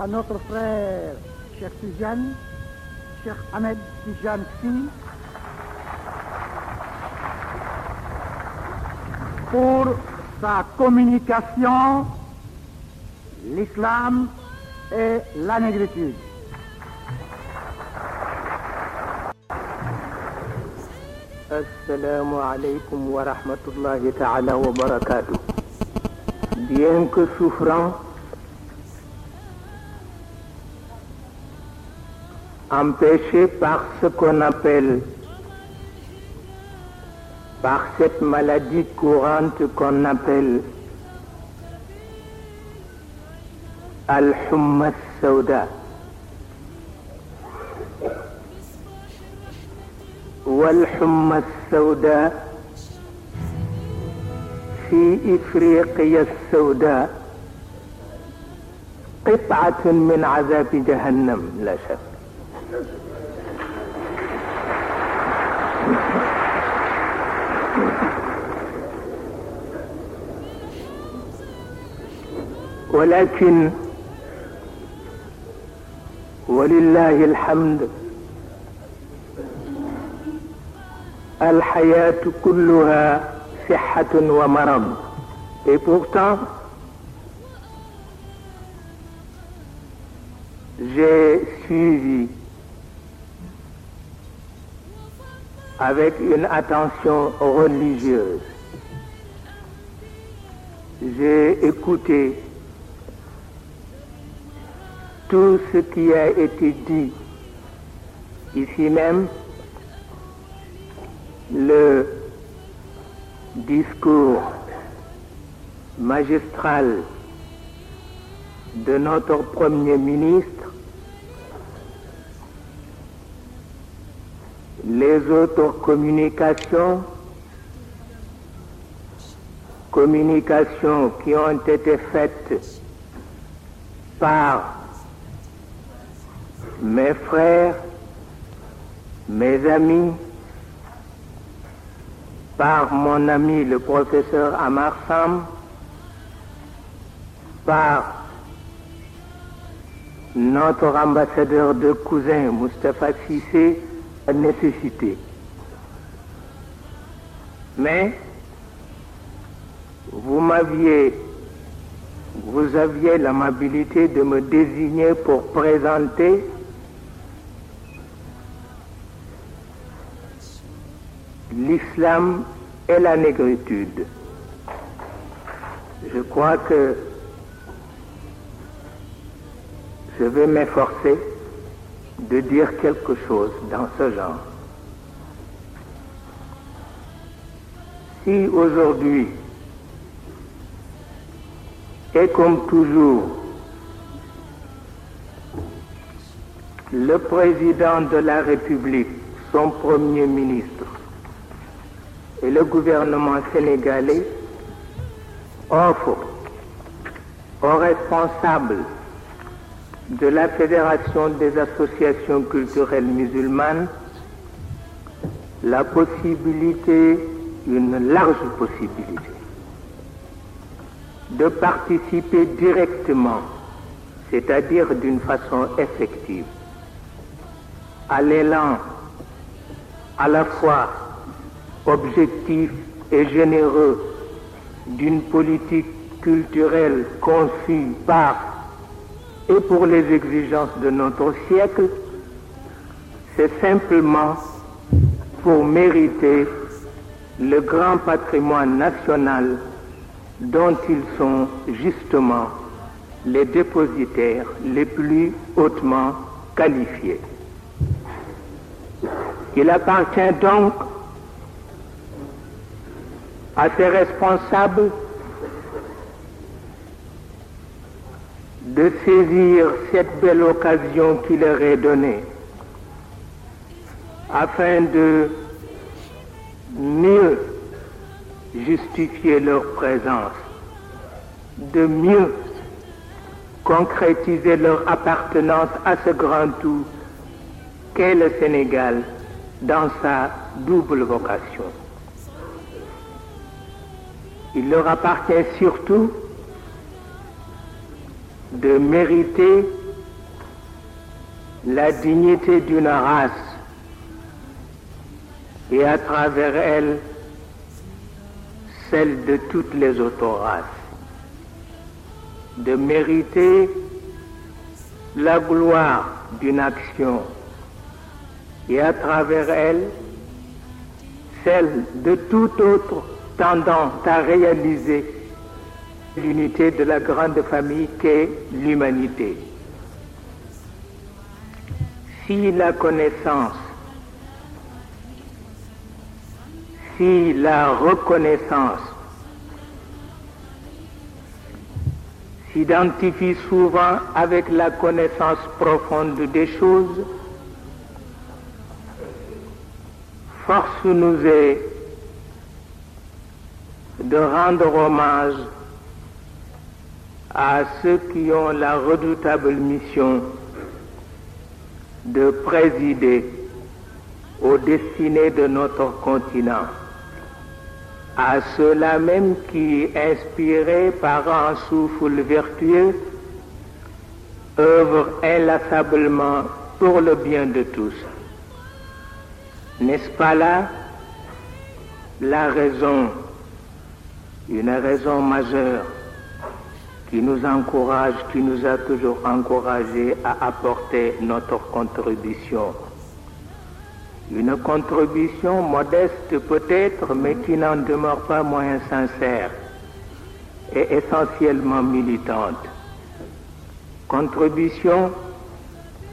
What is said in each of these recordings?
à notre frère Cheikh Tidiane, Cheikh Ahmed Tidiane Sy, pour sa communication, l'islam et la négritude. Assalamu alaikum wa rahmatullahi ta'ala wa barakatuh. Bien que souffrant, empêché par ce qu'on appelle, par cette maladie courante qu'on appelle Al-Humma Sauda. والحمى السوداء في افريقيا السوداء قطعه من عذاب جهنم لا شك ولكن ولله الحمد الحياة كلها صحة ومرض et pourtant j'ai suivi avec une attention religieuse. J'ai écouté tout ce qui a été dit ici même, le discours magistral de notre Premier ministre les autres communications, communications qui ont été faites par mes frères, mes amis, par mon ami le professeur Amar par notre ambassadeur de cousin Mustapha Sissé, nécessité mais vous m'aviez vous aviez l'amabilité de me désigner pour présenter l'islam et la négritude. Je crois que je vais m'efforcer de dire quelque chose dans ce genre. Si aujourd'hui, et comme toujours, le président de la République, son premier ministre et le gouvernement sénégalais offrent aux responsables de la Fédération des associations culturelles musulmanes la possibilité, une large possibilité, de participer directement, c'est-à-dire d'une façon effective, à l'élan à la fois objectif et généreux d'une politique culturelle conçue par et pour les exigences de notre siècle, c'est simplement pour mériter le grand patrimoine national dont ils sont justement les dépositaires les plus hautement qualifiés. Il appartient donc à ces responsables de saisir cette belle occasion qui leur est donnée afin de mieux justifier leur présence, de mieux concrétiser leur appartenance à ce grand tout qu'est le Sénégal dans sa double vocation. Il leur appartient de mériter la dignité d'une race et à travers elle celle de toutes les autres races, de mériter la gloire d'une action et à travers elle celle de toute autre tendance à réaliser l'unité de la grande famille qu'est l'humanité. Si la connaissance, s'identifie souvent avec la connaissance profonde des choses, force nous est de rendre hommage à ceux qui ont la redoutable mission de présider aux destinées de notre continent, à ceux-là même qui, inspirés par un souffle vertueux, œuvrent inlassablement pour le bien de tous. N'est-ce pas là la raison, une raison majeure qui nous encourage, qui nous a toujours encouragés à apporter notre contribution. Une contribution modeste peut-être, mais qui n'en demeure pas moins sincère et essentiellement militante. Contribution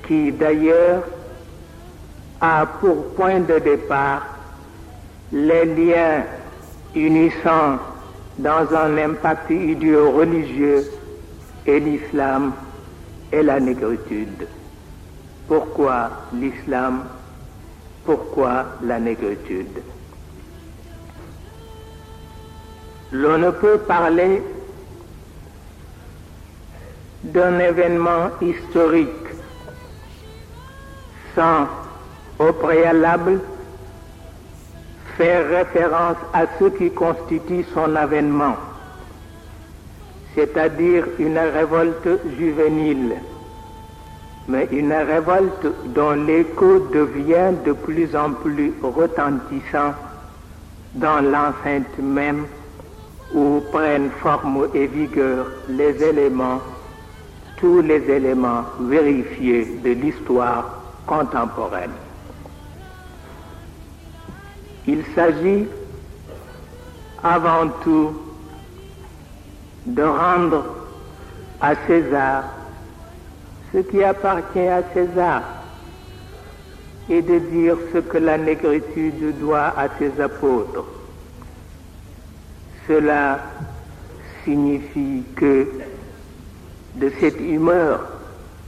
qui d'ailleurs a pour point de départ les liens unissant dans un impact idéo-religieux et l'islam et la négritude. Pourquoi l'islam Pourquoi la négritude L'on ne peut parler d'un événement historique sans, au préalable, faire référence à ce qui constitue son avènement, c'est-à-dire une révolte juvénile, mais une révolte dont l'écho devient de plus en plus retentissant dans l'enceinte même où prennent forme et vigueur les éléments, tous les éléments vérifiés de l'histoire contemporaine. Il s'agit avant tout de rendre à César ce qui appartient à César et de dire ce que la négritude doit à ses apôtres. Cela signifie que de cette humeur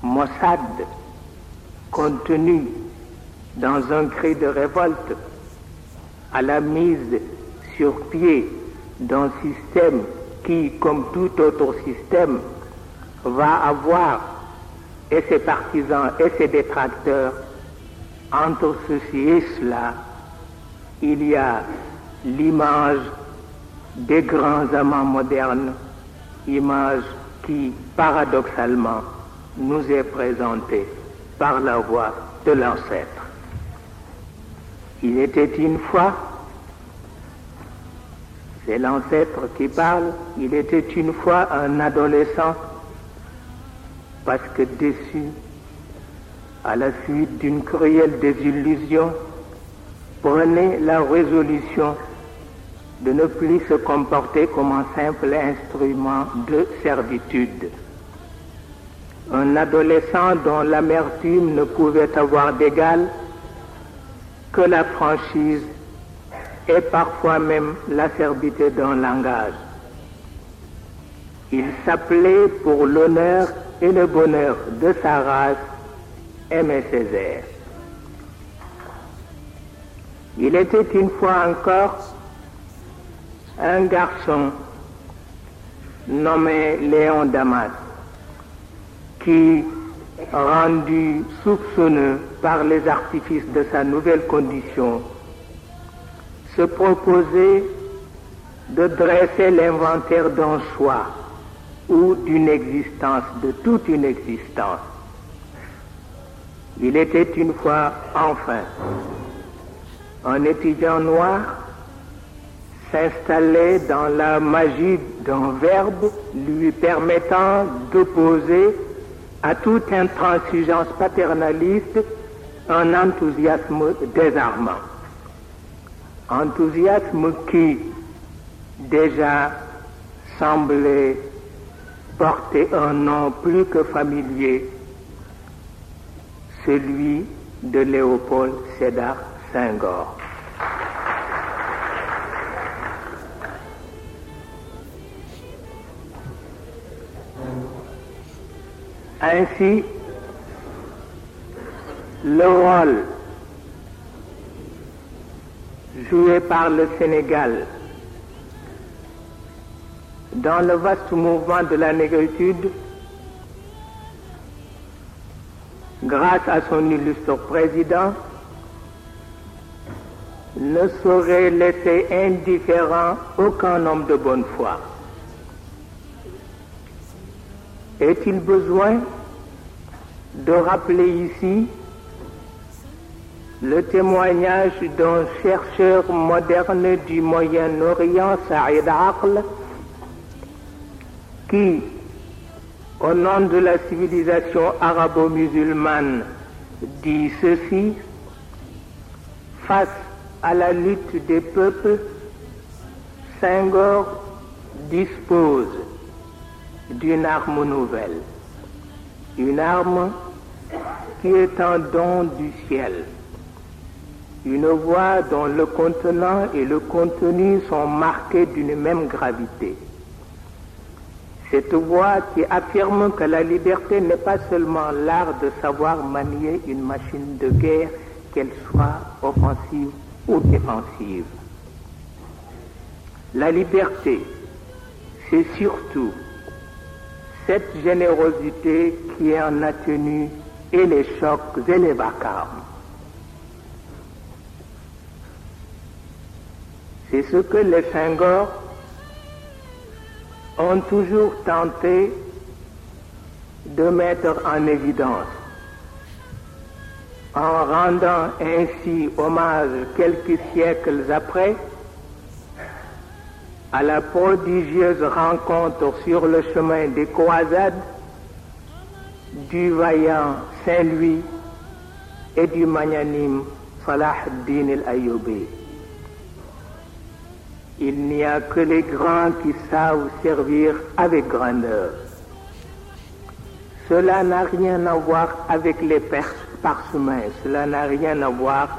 maussade contenue dans un cri de révolte à la mise sur pied d'un système qui, comme tout autre système, va avoir et ses partisans et ses détracteurs. Entre ceci et cela, il y a l'image des grands amants modernes, image qui, paradoxalement, nous est présentée par la voix de Il était une fois, c'est l'ancêtre qui parle, il était une fois un adolescent parce que déçu à la suite d'une cruelle désillusion, prenait la résolution de ne plus se comporter comme un simple instrument de servitude. Un adolescent dont l'amertume ne pouvait avoir d'égal que la franchise et parfois même l'acerbité d'un langage. Il s'appelait pour l'honneur et le bonheur de sa race Aimé Césaire. Il était une fois encore un garçon nommé Léon Damas qui, rendu soupçonneux par les artifices de sa nouvelle condition, se proposer de dresser l'inventaire d'un soi ou d'une existence, de toute une existence. Il était une fois, enfin, un étudiant noir s'installait dans la magie d'un verbe lui permettant d'opposer à toute intransigeance paternaliste un enthousiasme désarmant. Enthousiasme qui déjà semblait porter un nom plus que familier, celui de Léopold Sédar Senghor. Ainsi, le rôle joué par le Sénégal dans le vaste mouvement de la négritude grâce à son illustre président ne saurait laisser indifférent aucun homme de bonne foi. Est-il besoin de rappeler ici Le témoignage d'un chercheur moderne du Moyen-Orient, Saïd Aql, qui, au nom de la civilisation arabo-musulmane, dit ceci, face à la lutte des peuples, Senghor dispose d'une arme nouvelle, une arme qui est un don du ciel. une voix dont le contenant et le contenu sont marqués d'une même gravité. Cette voix qui affirme que la liberté n'est pas seulement l'art de savoir manier une machine de guerre, qu'elle soit offensive ou défensive. La liberté, c'est surtout cette générosité qui en a tenu et les chocs et les vacarmes. C'est ce que les Senghor ont toujours tenté de mettre en évidence, en rendant ainsi hommage quelques siècles après à la prodigieuse rencontre sur le chemin des croisades du vaillant Saint-Louis et du magnanime Salah Din el Il n'y a que les grands qui savent servir avec grandeur. Cela n'a rien à voir avec les parchemins, cela n'a rien à voir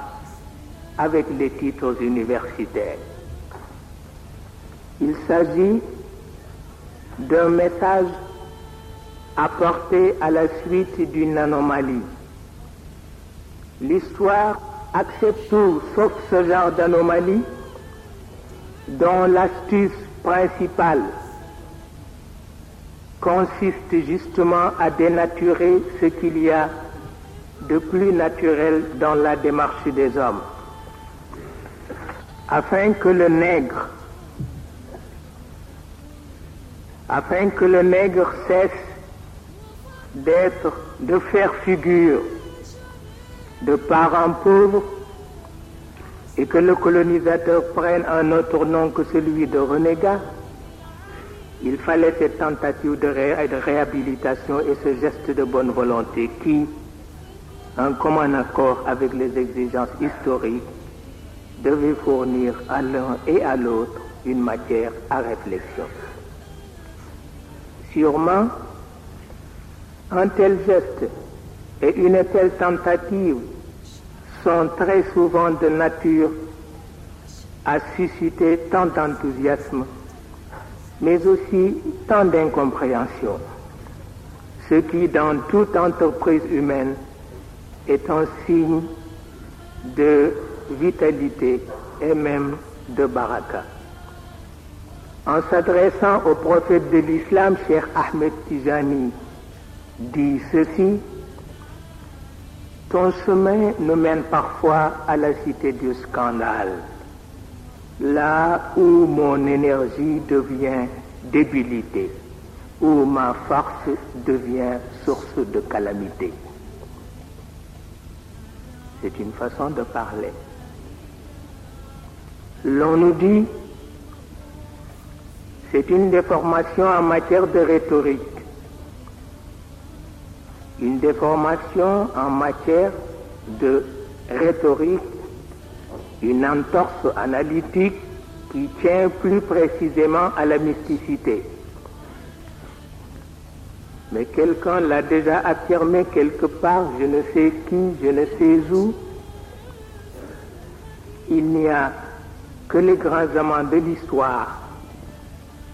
avec les titres universitaires. Il s'agit d'un message apporté à la suite d'une anomalie. L'histoire accepte sauf ce genre d'anomalie dont l'astuce principale consiste justement à dénaturer ce qu'il y a de plus naturel dans la démarche des hommes, afin que le nègre, cesse de faire figure de parents pauvres et que le colonisateur prenne un autre nom que celui de renégat, il fallait cette tentative de réhabilitation et ce geste de bonne volonté qui, en commun accord avec les exigences historiques, devait fournir à l'un et à l'autre une matière à réflexion. Sûrement, un tel geste et une telle tentative sont très souvent de nature à susciter tant d'enthousiasme, mais aussi tant d'incompréhension, ce qui, dans toute entreprise humaine, est un signe de vitalité et même de baraca En s'adressant au prophète de l'islam, cher Ahmed Tijani, dit ceci Ton chemin nous mène parfois à la cité du scandale, là où mon énergie devient débilité, où ma force devient source de calamité. C'est une façon de parler. L'on nous dit, c'est une déformation en matière de rhétorique. une déformation en matière de rhétorique, une entorse analytique qui tient plus précisément à la mysticité. Mais quelqu'un l'a déjà affirmé quelque part, je ne sais qui, je ne sais où. Il n'y a que les grands amants de l'histoire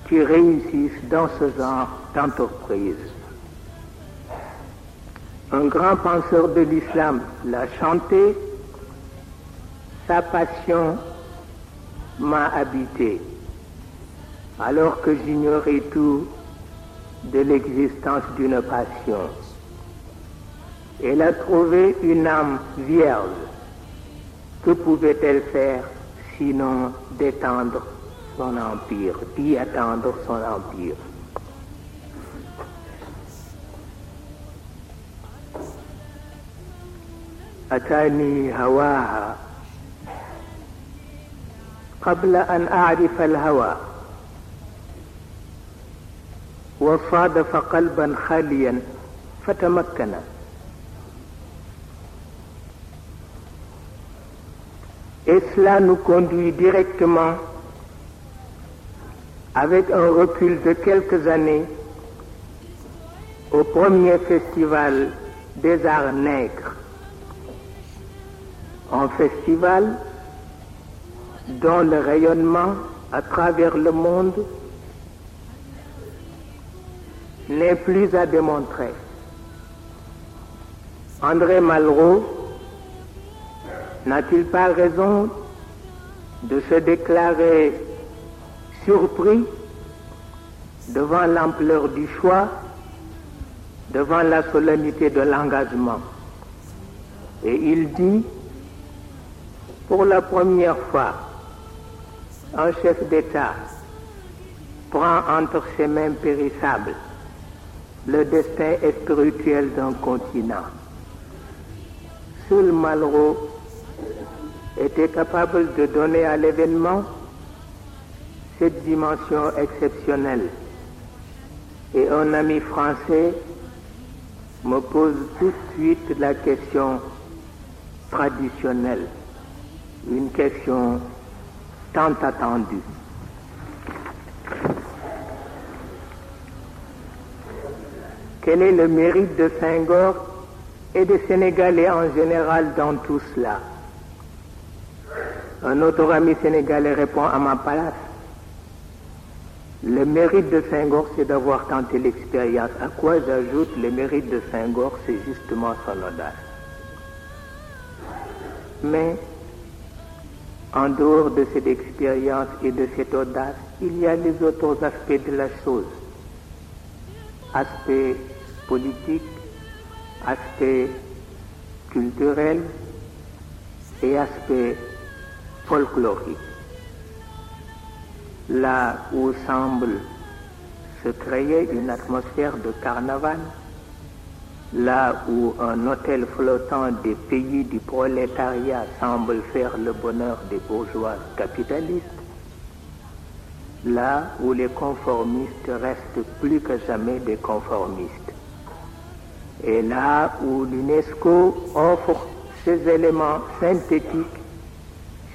qui réussissent dans ce genre d'entreprise. Un grand penseur de l'islam l'a chanté, sa passion m'a habité, alors que j'ignorais tout de l'existence d'une passion. Elle a trouvé une âme vierge. Que pouvait-elle faire sinon d'étendre son empire, d'y attendre son empire أتاني هواها قبل أن أعرف الهوى وصادف قلبا خاليا فتمكن Et cela nous conduit directement, avec un recul de quelques années, au premier festival des arts nègres en festival dans le rayonnement à travers le monde n'est plus à démontrer. André Malraux n'a-t-il pas raison de se déclarer surpris devant l'ampleur du choix, devant la solennité de l'engagement Et il dit pour la première fois, un chef d'État prend entre ses mains périssables le destin spirituel d'un continent. Seul Malraux était capable de donner à l'événement cette dimension exceptionnelle. Et un ami français me pose tout de suite la question traditionnelle. une question tant attendue. Quel est le mérite de Senghor et des Sénégalais en général dans tout cela Un autre ami sénégalais répond à ma place. Le mérite de Senghor, c'est d'avoir tenté l'expérience. À quoi j'ajoute le mérite de Senghor, c'est justement son audace. Mais En dehors de cette expérience et de cette audace, il y a les autres aspects de la chose. Aspect politique, aspect culturel et aspect folklorique. Là où semble se créer une atmosphère de carnaval, Là où un hôtel flottant des pays du prolétariat semble faire le bonheur des bourgeois capitalistes, là où les conformistes restent plus que jamais des conformistes, et là où l'UNESCO offre ces éléments synthétiques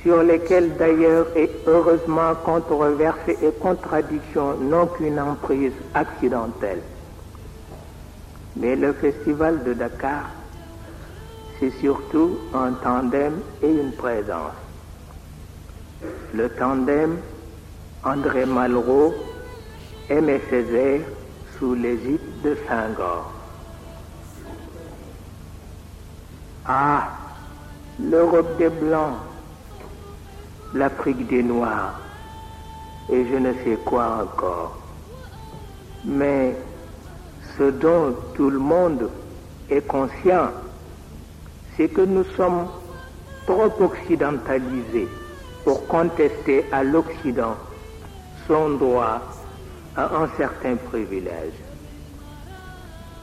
sur lesquels d'ailleurs et heureusement controverses et contradictions n'ont qu'une emprise accidentelle. Mais le festival de Dakar, c'est surtout un tandem et une présence. Le tandem André Malraux, Aimé Césaire sous l'égide de Saint-Gor. Ah, l'Europe des Blancs, l'Afrique des Noirs, et je ne sais quoi encore. Mais ce dont tout le monde est conscient, c'est que nous sommes trop occidentalisés pour contester à l'Occident son droit à un certain privilège.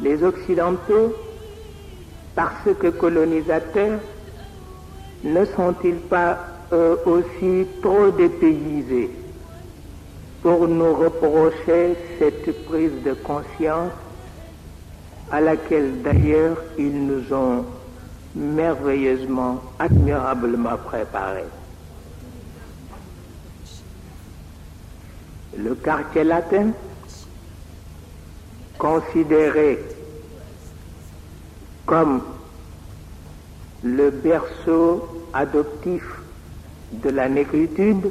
Les Occidentaux, parce que colonisateurs, ne sont-ils pas eux aussi trop dépaysés pour nous reprocher cette prise de conscience à laquelle d'ailleurs ils nous ont merveilleusement, admirablement préparés. Le quartier latin, considéré comme le berceau adoptif de la négritude,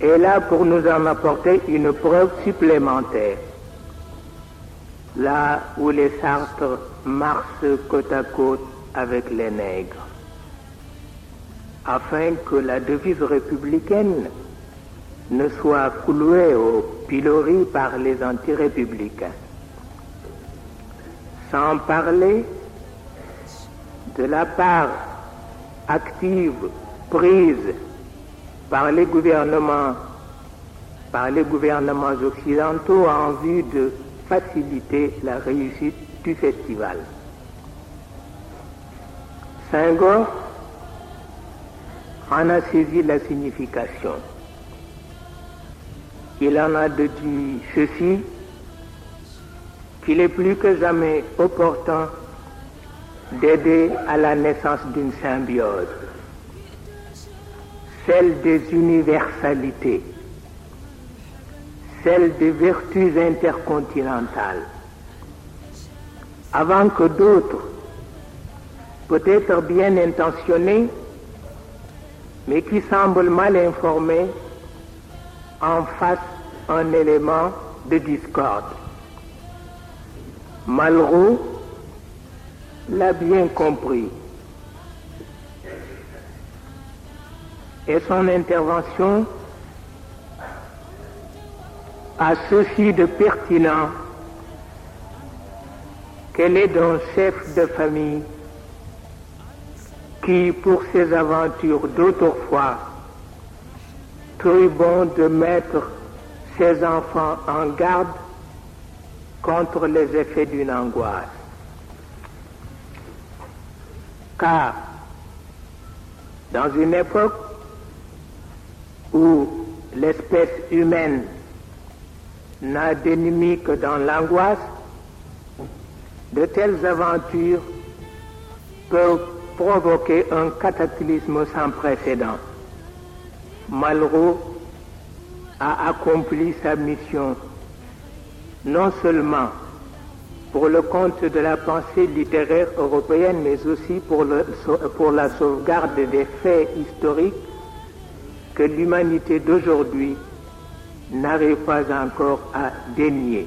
est là pour nous en apporter une preuve supplémentaire. là où les Sartres marchent côte à côte avec les nègres, afin que la devise républicaine ne soit clouée au pilori par les antirépublicains. Sans parler de la part active prise par les gouvernements, par les occidentaux en vue de faciliter la réussite du festival. Senghor en a saisi la signification. Il en a déduit ceci, qu'il est plus que jamais opportun d'aider à la naissance d'une symbiose, celle des universalités celle des vertus intercontinentales, avant que d'autres, peut-être bien intentionnés, mais qui semblent mal informés, en fassent un élément de discorde. Malraux l'a bien compris. Et son intervention à ceci de pertinent qu'elle est d'un chef de famille qui, pour ses aventures d'autrefois, crut bon de mettre ses enfants en garde contre les effets d'une angoisse. Car, dans une époque où l'espèce humaine n'a d'ennemi que dans l'angoisse, de telles aventures peuvent provoquer un cataclysme sans précédent. Malraux a accompli sa mission non seulement pour le compte de la pensée littéraire européenne, mais aussi pour la sauvegarde des faits historiques que l'humanité d'aujourd'hui n'arrive pas encore à dénier.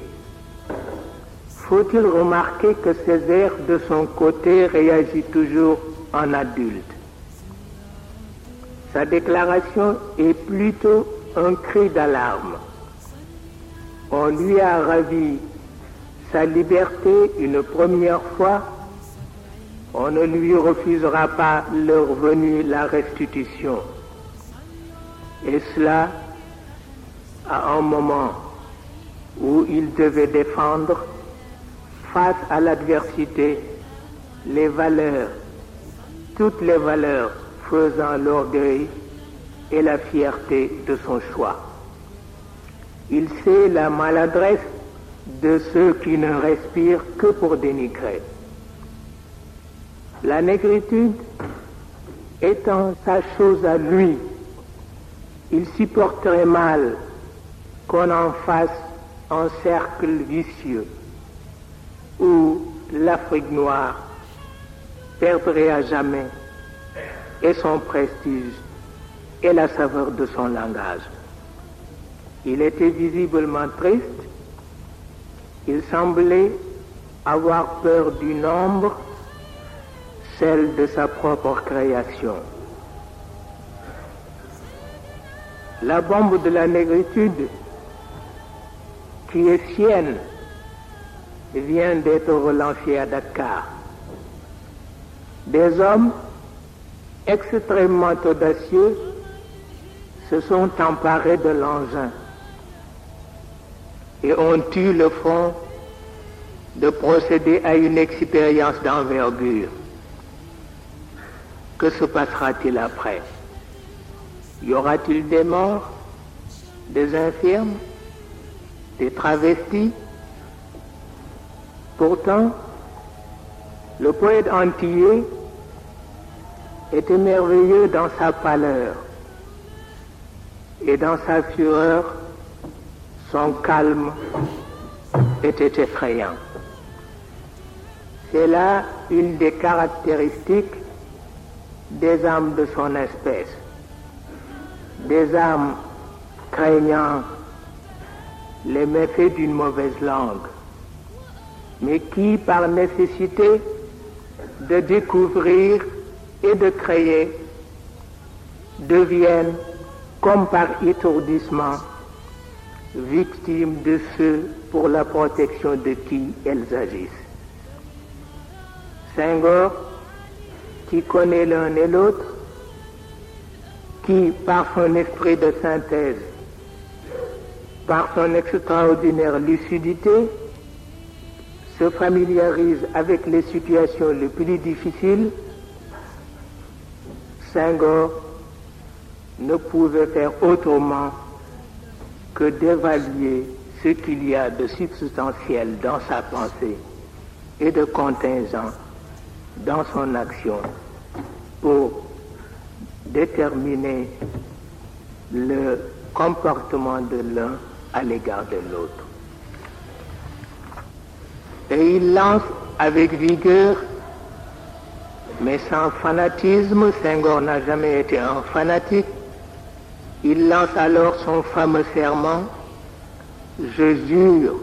Faut-il remarquer que Césaire, de son côté, réagit toujours en adulte. Sa déclaration est plutôt un cri d'alarme. On lui a ravi sa liberté une première fois. On ne lui refusera pas leur venue la restitution. Et cela à un moment où il devait défendre face à l'adversité les valeurs, toutes les valeurs faisant l'orgueil et la fierté de son choix. Il sait la maladresse de ceux qui ne respirent que pour dénigrer. La négritude étant sa chose à lui, il supporterait mal qu'on en fasse un cercle vicieux où l'Afrique noire perdrait à jamais et son prestige et la saveur de son langage. Il était visiblement triste, il semblait avoir peur du nombre, celle de sa propre création. La bombe de la négritude qui est vient d'être relancée à Dakar. Des hommes extrêmement audacieux se sont emparés de l'engin et ont eu le fond de procéder à une expérience d'envergure. Que se passera-t-il après Y aura-t-il des morts, des infirmes des travestis. Pourtant, le poète antillais était merveilleux dans sa pâleur et dans sa fureur, son calme était effrayant. C'est là une des caractéristiques des âmes de son espèce, des âmes craignant les méfaits d'une mauvaise langue, mais qui, par nécessité de découvrir et de créer, deviennent, comme par étourdissement, victimes de ceux pour la protection de qui elles agissent. Senghor, qui connaît l'un et l'autre, qui, par son esprit de synthèse, par son extraordinaire lucidité, se familiarise avec les situations les plus difficiles, Senghor ne pouvait faire autrement que d'évaluer ce qu'il y a de substantiel dans sa pensée et de contingent dans son action pour déterminer le comportement de l'un à l'égard de l'autre. Et il lance avec vigueur, mais sans fanatisme, Senghor n'a jamais été un fanatique, il lance alors son fameux serment, je jure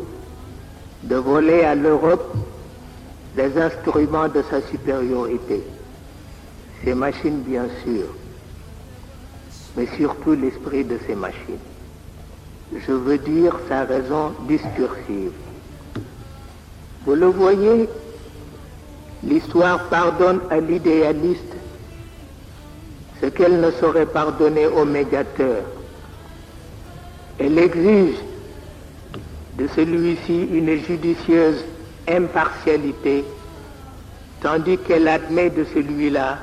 de voler à l'Europe des instruments de sa supériorité, ses machines bien sûr, mais surtout l'esprit de ces machines. je veux dire sa raison discursive. Vous le voyez, l'histoire pardonne à l'idéaliste ce qu'elle ne saurait pardonner au médiateur. Elle exige de celui-ci une judicieuse impartialité, tandis qu'elle admet de celui-là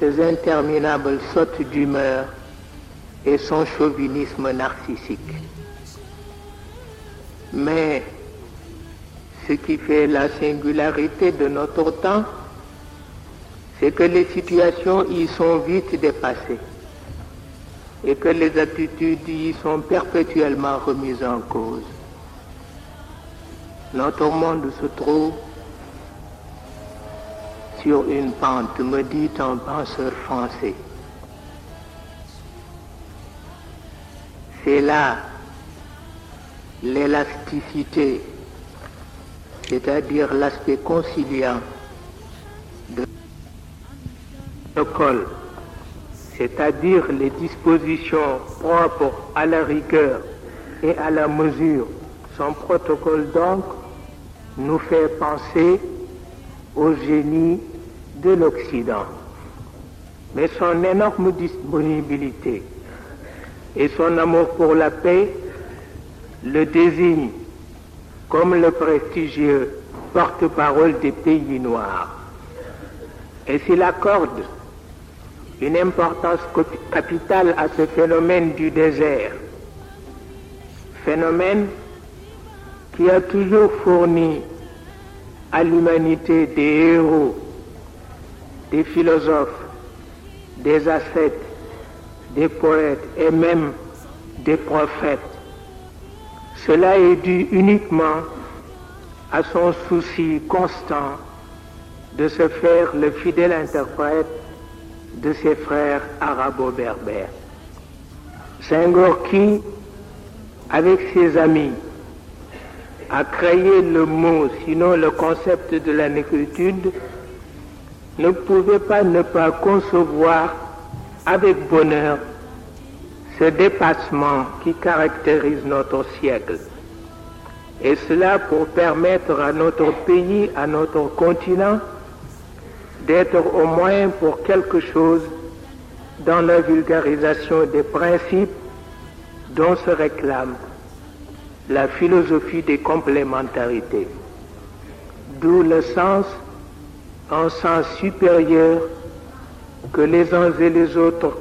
ses interminables sautes d'humeur et son chauvinisme narcissique. Mais ce qui fait la singularité de notre temps, c'est que les situations y sont vite dépassées et que les attitudes y sont perpétuellement remises en cause. Notre monde se trouve sur une pente, me dit un penseur français. c'est là l'élasticité, c'est-à-dire l'aspect conciliant de protocole, c'est-à-dire les dispositions propres à la rigueur et à la mesure. Son protocole donc nous fait penser au génie de l'Occident. Mais son énorme disponibilité et son amour pour la paix le désigne comme le prestigieux porte-parole des pays noirs. Et s'il accorde une importance capitale à ce phénomène du désert, phénomène qui a toujours fourni à l'humanité des héros, des philosophes, des ascètes, des poètes et même des prophètes. Cela est dû uniquement à son souci constant de se faire le fidèle interprète de ses frères arabo-berbères. Senghor qui, avec ses amis, a créé le mot, sinon le concept de la négritude, ne pouvait pas ne pas concevoir avec bonheur ce dépassement qui caractérise notre siècle. Et cela pour permettre à notre pays, à notre continent, d'être au moins pour quelque chose dans la vulgarisation des principes dont se réclame la philosophie des complémentarités. D'où le sens en sens supérieur que les uns et les autres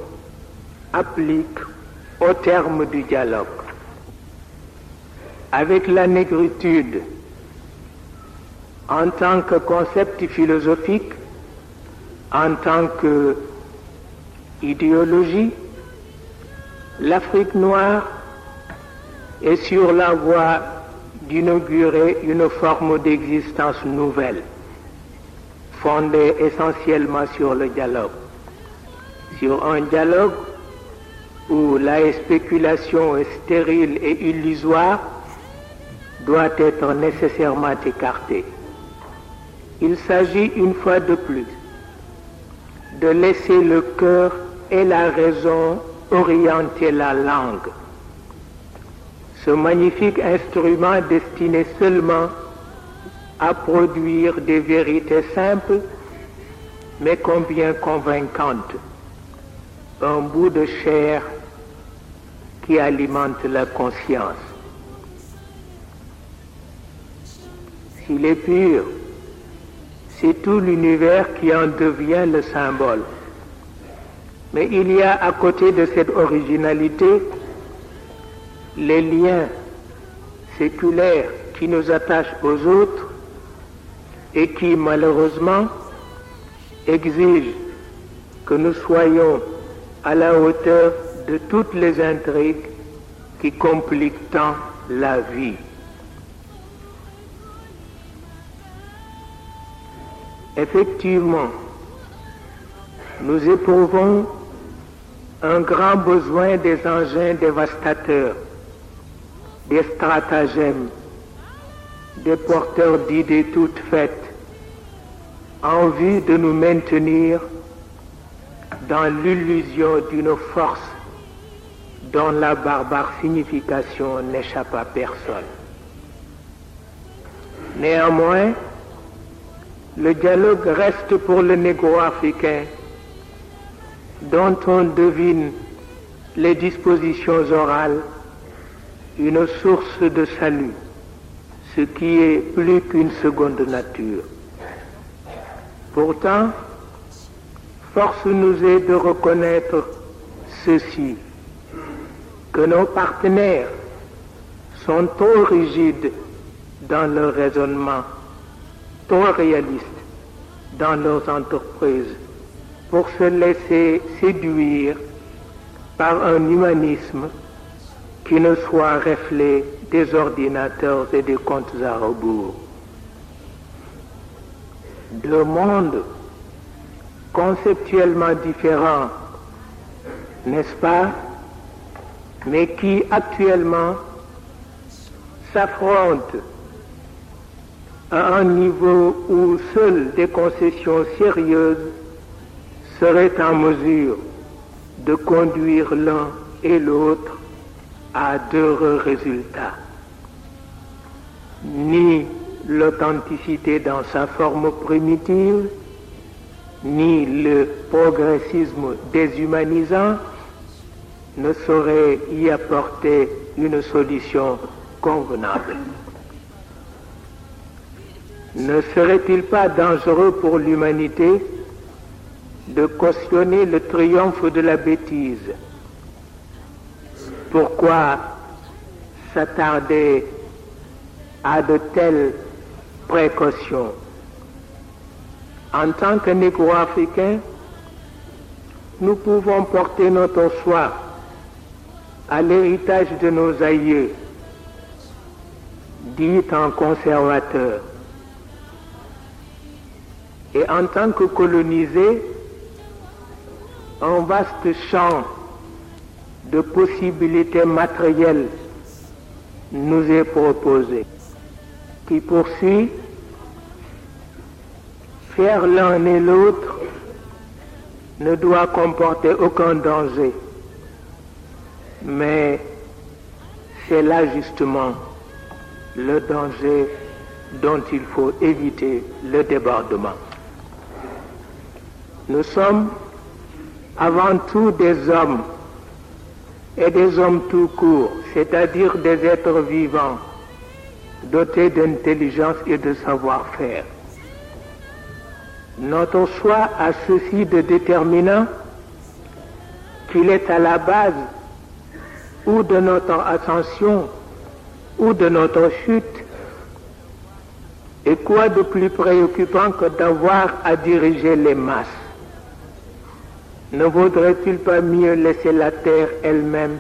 appliquent au terme du dialogue. Avec la négritude, en tant que concept philosophique, en tant que idéologie, l'Afrique noire est sur la voie d'inaugurer une forme d'existence nouvelle, fondée essentiellement sur le dialogue. sur un dialogue où la spéculation stérile et illusoire doit être nécessairement écartée. Il s'agit une fois de plus de laisser le cœur et la raison orienter la langue. Ce magnifique instrument destiné seulement à produire des vérités simples mais combien convaincantes. un bout de chair qui alimente la conscience. S'il est pur, c'est tout l'univers qui en devient le symbole. Mais il y a à côté de cette originalité les liens séculaires qui nous attachent aux autres et qui malheureusement exigent que nous soyons à la hauteur de toutes les intrigues qui compliquent tant la vie. Effectivement, nous éprouvons un grand besoin des engins dévastateurs, des stratagèmes, des porteurs d'idées toutes faites, en de nous maintenir dans l'illusion d'une force dont la barbare signification n'échappe à personne. Néanmoins, le dialogue reste pour le négro-africain, dont on devine les dispositions orales, une source de salut, ce qui est plus qu'une seconde nature. Pourtant, force nous est de reconnaître ceci, que nos partenaires sont trop rigides dans leur raisonnement, trop réalistes dans leurs entreprises pour se laisser séduire par un humanisme qui ne soit reflet des ordinateurs et des comptes à rebours. Deux mondes conceptuellement différents, n'est-ce pas, mais qui actuellement s'affrontent à un niveau où seules des concessions sérieuses seraient en mesure de conduire l'un et l'autre à d'heureux résultats. Ni l'authenticité dans sa forme primitive, ni le progressisme déshumanisant ne saurait y apporter une solution convenable. Ne serait-il pas dangereux pour l'humanité de cautionner le triomphe de la bêtise Pourquoi s'attarder à de telles précautions En tant que négro-africains, nous pouvons porter notre soin à l'héritage de nos aïeux, dit en conservateur. Et en tant que colonisés, un vaste champ de possibilités matérielles nous est proposé, qui poursuit Faire l'un et l'autre ne doit comporter aucun danger. Mais c'est là justement le danger dont il faut éviter le débordement. Nous sommes avant tout des hommes et des hommes tout court, c'est-à-dire des êtres vivants dotés d'intelligence et de savoir-faire. Notre choix a de déterminant qu'il est à la base ou de notre ascension ou de notre chute. Et quoi de plus préoccupant que d'avoir à diriger les masses Ne vaudrait-il pas mieux laisser la terre elle-même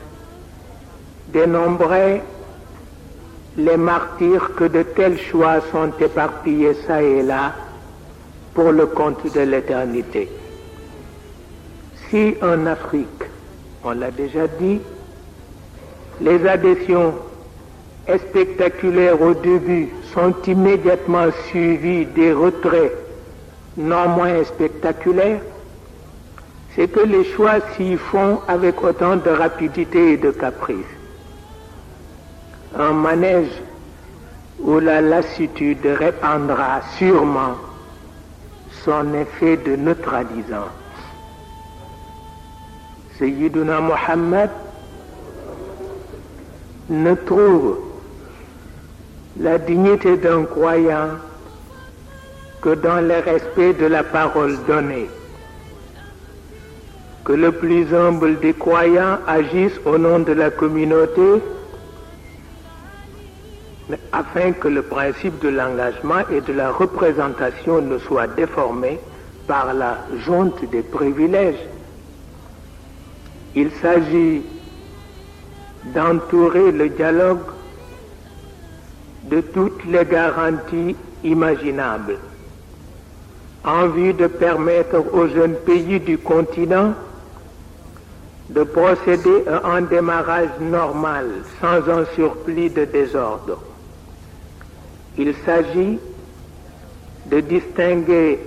dénombrer les martyrs que de tels choix sont éparpillés pour le compte de l'éternité. Si en Afrique, on l'a déjà dit, les adhésions spectaculaires au début sont immédiatement suivies des retraits non moins spectaculaires, c'est que les choix s'y font avec autant de rapidité et de caprice. Un manège où la lassitude répandra sûrement son effet de neutralisant. Sayyiduna Mohammed ne trouve la dignité d'un croyant que dans le respect de la parole donnée, que le plus humble des croyants agisse au nom de la communauté afin que le principe de l'engagement et de la représentation ne soit déformé par la jonte des privilèges. Il s'agit d'entourer le dialogue de toutes les garanties imaginables en vue de permettre aux jeunes pays du continent de procéder à un démarrage normal sans un surplus de désordre. Il s'agit de distinguer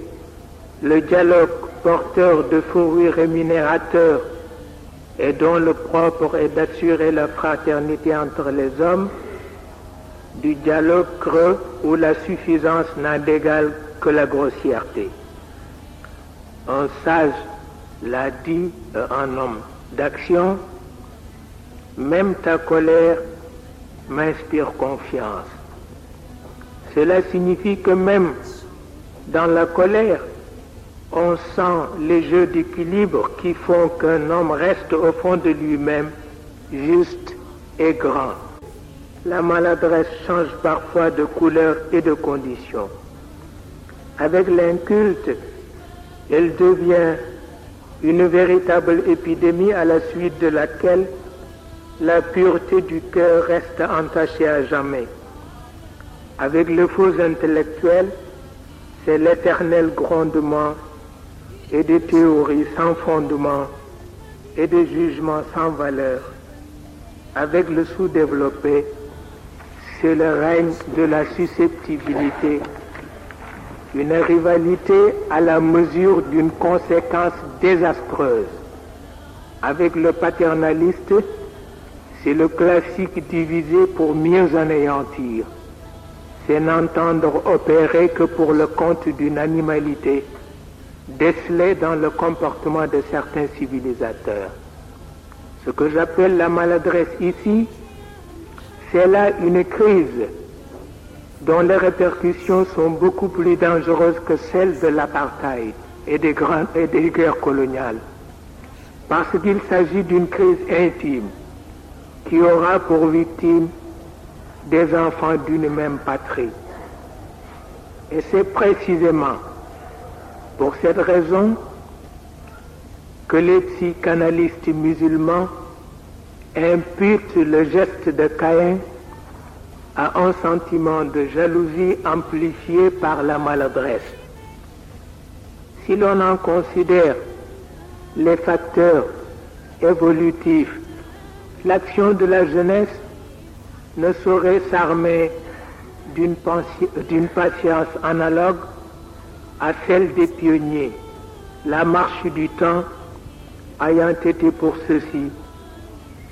le dialogue porteur de fruits rémunérateurs et dont le propre est d'assurer la fraternité entre les hommes, du dialogue creux où la suffisance n'a d'égal que la grossièreté. Un sage l'a dit euh, un homme d'action, même ta colère m'inspire confiance. Cela signifie que même dans la colère, on sent les jeux d'équilibre qui font qu'un homme reste au fond de lui-même juste et grand. La maladresse change parfois de couleur et de condition. Avec l'inculte, elle devient une véritable épidémie à la suite de laquelle la pureté du cœur reste entachée à jamais. avec le faux intellectuel, c'est l'éternel grondement et des théories sans fondement et des jugements sans valeur. Avec le sous-développé, c'est le règne de la susceptibilité, une rivalité à la mesure d'une conséquence désastreuse. Avec le paternaliste, c'est le classique divisé pour mieux anéantir. c'est n'entendre opérer que pour le compte d'une animalité décelée dans le comportement de certains civilisateurs. Ce que j'appelle la maladresse ici, c'est là une crise dont les répercussions sont beaucoup plus dangereuses que celles de l'apartheid et, des grands, et des guerres coloniales, parce qu'il s'agit d'une crise intime qui aura pour victime des enfants d'une même patrie. Et c'est précisément pour cette raison que les psychanalystes musulmans imputent le geste de Caïn à un sentiment de jalousie amplifié par la maladresse. Si l'on en considère les facteurs évolutifs, l'action de la jeunesse ne saurait s'armer d'une patience analogue à celle des pionniers, la marche du temps ayant été pour ceux-ci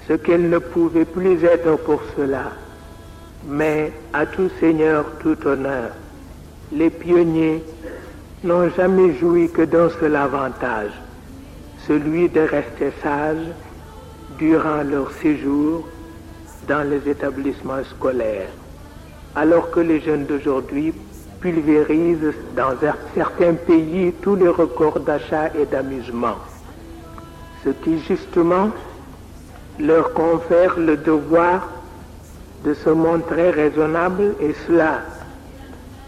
ce qu'elle ne pouvait plus être pour cela. Mais à tout seigneur, tout honneur, les pionniers n'ont jamais joui que d'un seul avantage, celui de rester sages durant leur séjour dans les établissements scolaires, alors que les jeunes d'aujourd'hui pulvérisent dans certains pays tous les records d'achat et d'amusement, ce qui justement leur confère le devoir de se montrer raisonnable et cela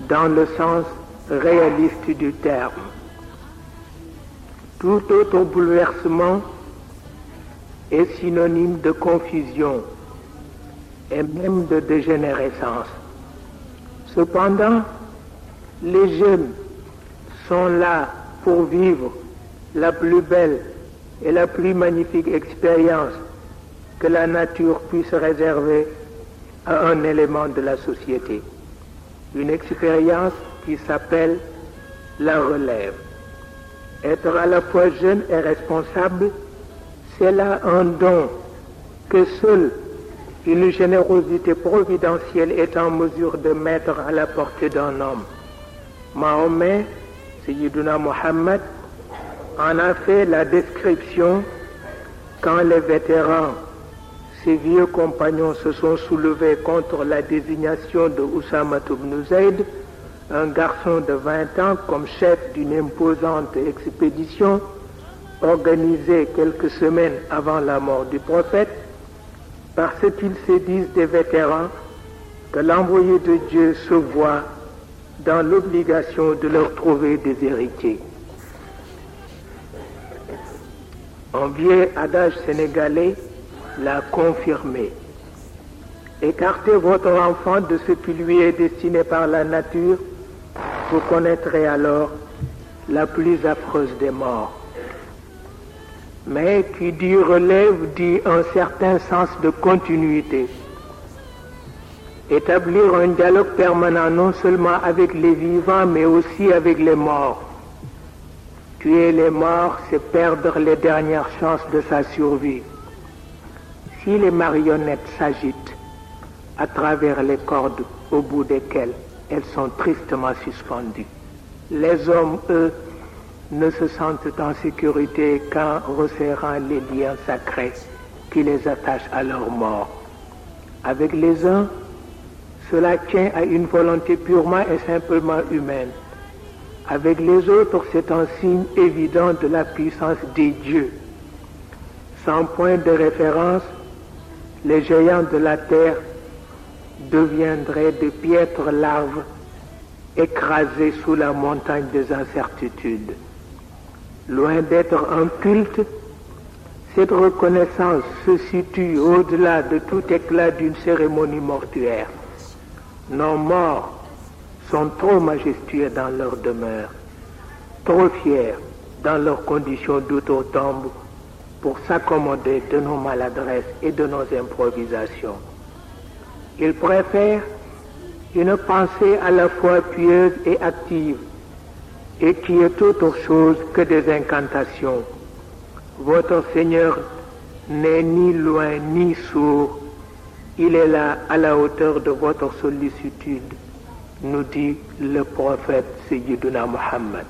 dans le sens réaliste du terme. Tout autre bouleversement est synonyme de confusion et même de dégénérescence. Cependant, les jeunes sont là pour vivre la plus belle et la plus magnifique expérience que la nature puisse réserver à un élément de la société. Une expérience qui s'appelle la relève. Être à la fois jeune et responsable, c'est là un don que seul une générosité providentielle est en mesure de mettre à la portée d'un homme. Mahomet, Sayyiduna Mohammed, en a fait la description quand les vétérans, ses vieux compagnons se sont soulevés contre la désignation de Oussama ibn Zayd, un garçon de 20 ans comme chef d'une imposante expédition organisée quelques semaines avant la mort du prophète parce qu'ils se disent des vétérans que l'envoyé de Dieu se voit dans l'obligation de leur trouver des héritiers. Un vieil adage sénégalais l'a confirmé. Écartez votre enfant de ce qui lui est destiné par la nature, vous connaîtrez alors la plus affreuse des morts. mais qui dit relève dit un certain sens de continuité. Établir un dialogue permanent non seulement avec les vivants mais aussi avec les morts. Tuer les morts, c'est perdre les dernières chances de sa survie. Si les marionnettes s'agitent à travers les cordes au bout desquelles elles sont tristement suspendues, les hommes, ne se sentent en sécurité qu'en resserrant les liens sacrés qui les attachent à leur mort. Avec les uns, cela tient à une volonté purement et simplement humaine. Avec les autres, c'est un signe évident de la puissance des dieux. Sans point de référence, les géants de la terre deviendraient de piètres larves écrasées sous la montagne des incertitudes. loin d'être un culte, cette reconnaissance se situe au-delà de tout éclat d'une cérémonie mortuaire. Nos morts sont trop majestueux dans leur demeure, trop fiers dans leurs conditions d'autotombe pour s'accommoder de nos maladresses et de nos improvisations. Ils préfèrent une pensée à la fois pieuse et active et qui est autre chose que des incantations. Votre Seigneur n'est ni loin ni sourd, il est là à la hauteur de votre sollicitude, nous dit le prophète Sayyiduna Muhammad.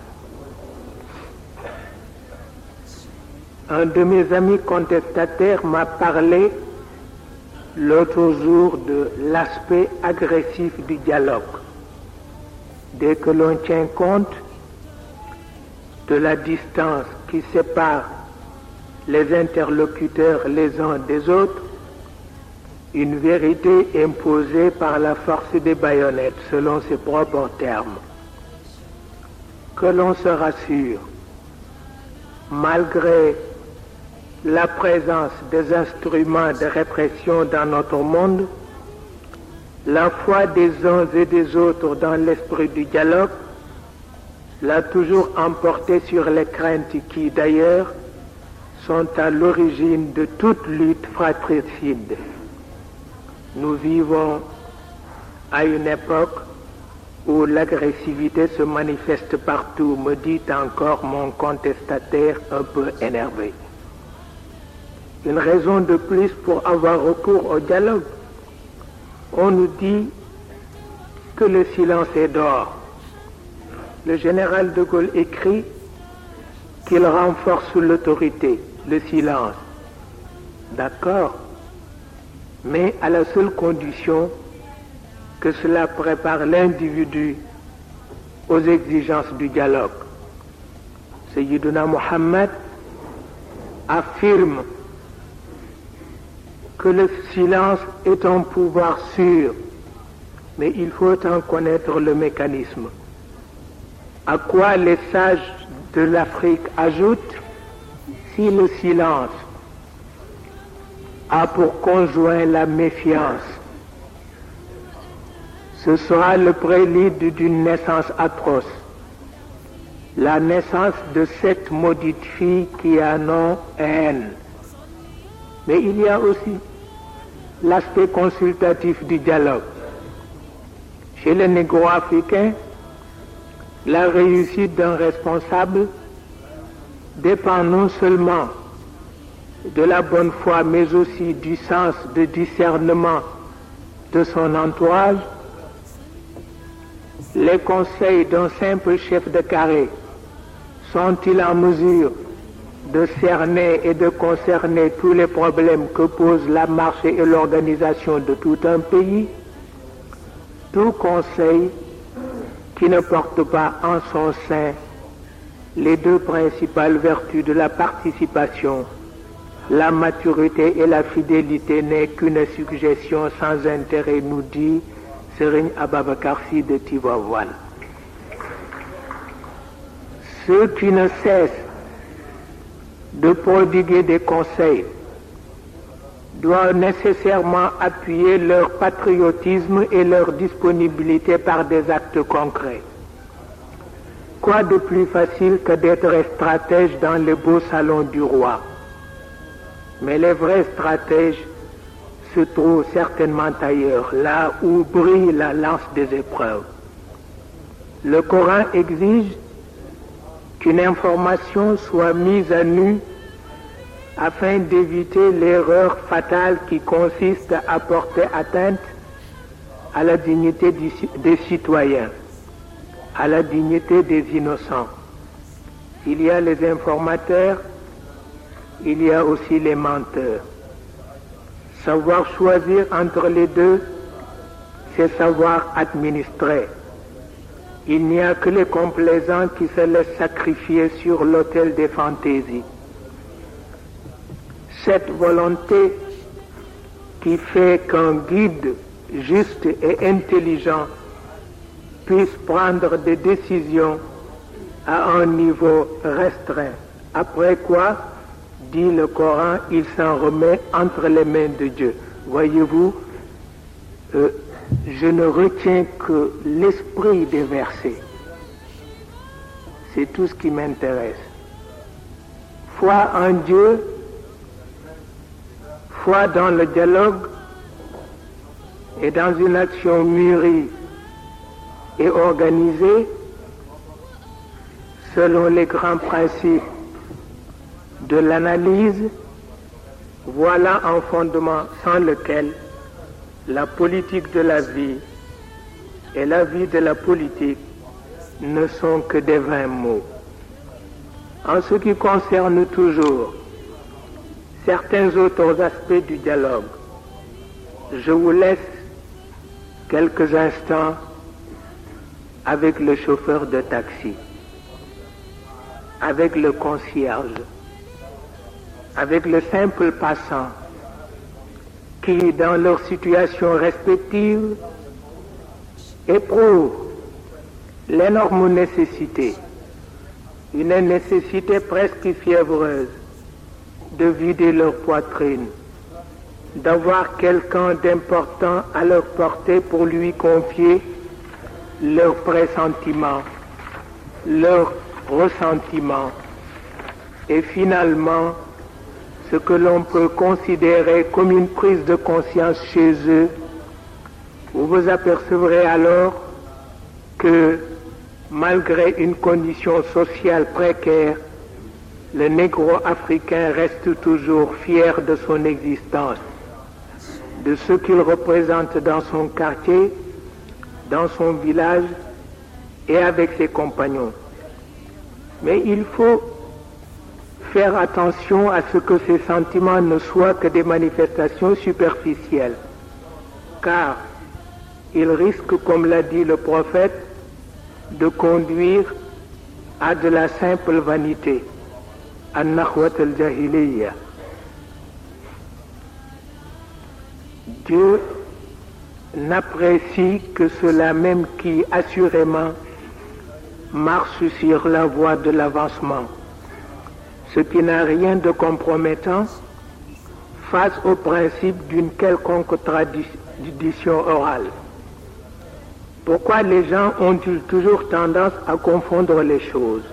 Un de mes amis contestataires m'a parlé l'autre jour de l'aspect agressif du dialogue. Dès que l'on tient compte de la distance qui sépare les interlocuteurs les uns des autres, une vérité imposée par la force des baïonnettes, selon ses propres termes. Que l'on se rassure, malgré la présence des instruments de répression dans notre monde, la foi des uns et des autres dans l'esprit du dialogue l'a toujours emporté sur les craintes qui, d'ailleurs, sont à l'origine de toute lutte fratricide. Nous vivons à une époque où l'agressivité se manifeste partout, me dit encore mon contestataire un peu énervé. Une raison de plus pour avoir recours au dialogue. On nous dit que le silence est d'or le général de Gaulle écrit qu'il renforce l'autorité, le silence. D'accord, mais à la seule condition que cela prépare l'individu aux exigences du dialogue. Sayyiduna Muhammad affirme que le silence est un pouvoir sûr, mais il faut en connaître le mécanisme. À quoi les sages de l'Afrique ajoutent si le silence a pour conjoint la méfiance, ce sera le prélude d'une naissance atroce, la naissance de cette maudite fille qui a nom haine. Mais il y a aussi l'aspect consultatif du dialogue. Chez les négro la réussite d'un responsable dépend non seulement de la bonne foi, mais aussi du sens de discernement de son entourage. Les conseils d'un simple chef de carré sont-ils en mesure de cerner et de concerner tous les problèmes que pose la marche et l'organisation de tout un pays Tout conseil qui ne porte pas en son sein les deux principales vertus de la participation, la maturité et la fidélité n'est qu'une suggestion sans intérêt, nous dit Serigne Ababakar de Tivaouane. Ceux qui ne cessent de prodiguer des conseils doit nécessairement appuyer leur patriotisme et leur disponibilité par des actes concrets. Quoi de plus facile que d'être stratège dans le beau salon du roi Mais les vrais stratèges se trouvent certainement ailleurs, là où brille la lance des épreuves. Le Coran exige qu'une information soit mise à nu afin d'éviter l'erreur fatale qui consiste à porter atteinte à la dignité des citoyens, à la dignité des innocents. Il y a les informateurs, il y a aussi les menteurs. Savoir choisir entre les deux, c'est savoir administrer. Il n'y a que les complaisants qui se laissent sacrifier sur l'autel des fantaisies. cette volonté qui fait qu'un guide juste et intelligent puisse prendre des décisions à un niveau restreint. Après quoi, dit le Coran, il s'en remet entre les mains de Dieu. Voyez-vous, euh, je ne retiens que l'esprit des versets. C'est tout ce qui m'intéresse. Foi en Dieu, fois dans le dialogue et dans une action mûrie et organisée selon les grands principes de l'analyse, voilà un fondement sans lequel la politique de la vie et la vie de la politique ne sont que des vains mots. En ce qui concerne toujours certains autres aspects du dialogue. Je vous laisse quelques instants avec le chauffeur de taxi, avec le concierge, avec le simple passant qui, dans leur situation respective, éprouvent l'énorme nécessité, une nécessité presque fiévreuse de vider leur poitrine, d'avoir quelqu'un d'important à leur portée pour lui confier leurs pressentiments, leurs ressentiments et finalement ce que l'on peut considérer comme une prise de conscience chez eux. Vous vous apercevrez alors que malgré une condition sociale précaire, le négro-africain reste toujours fier de son existence, de ce qu'il représente dans son quartier, dans son village et avec ses compagnons. Mais il faut faire attention à ce que ces sentiments ne soient que des manifestations superficielles, car ils risquent, comme l'a dit le prophète, de conduire à de la simple vanité. النخوة الجاهلية Dieu n'apprécie que ceux même qui assurément marchent sur la voie de l'avancement, ce qui n'a rien de compromettant face au principe d'une quelconque tradition orale. Pourquoi les gens ont-ils toujours tendance à confondre les choses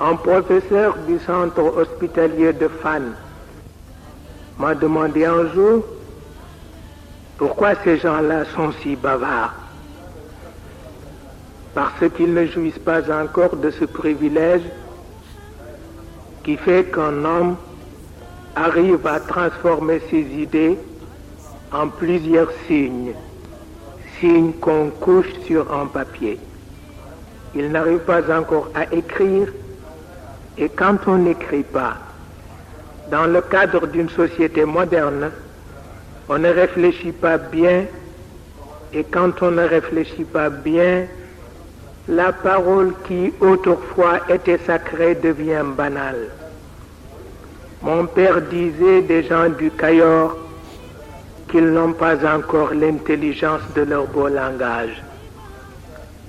un professeur du centre hospitalier de Fannes m'a demandé un jour pourquoi ces gens-là sont si bavards. Parce qu'ils ne jouissent pas encore de ce privilège qui fait qu'un homme arrive à transformer ses idées en plusieurs signes, signes qu'on couche sur un papier. Il n'arrive pas encore à écrire Et quand on n'écrit pas dans le cadre d'une société moderne, on ne réfléchit pas bien. Et quand on ne réfléchit pas bien, la parole qui autrefois était sacrée devient banale. Mon père disait des gens du Cayor qu'ils n'ont pas encore l'intelligence de leur beau langage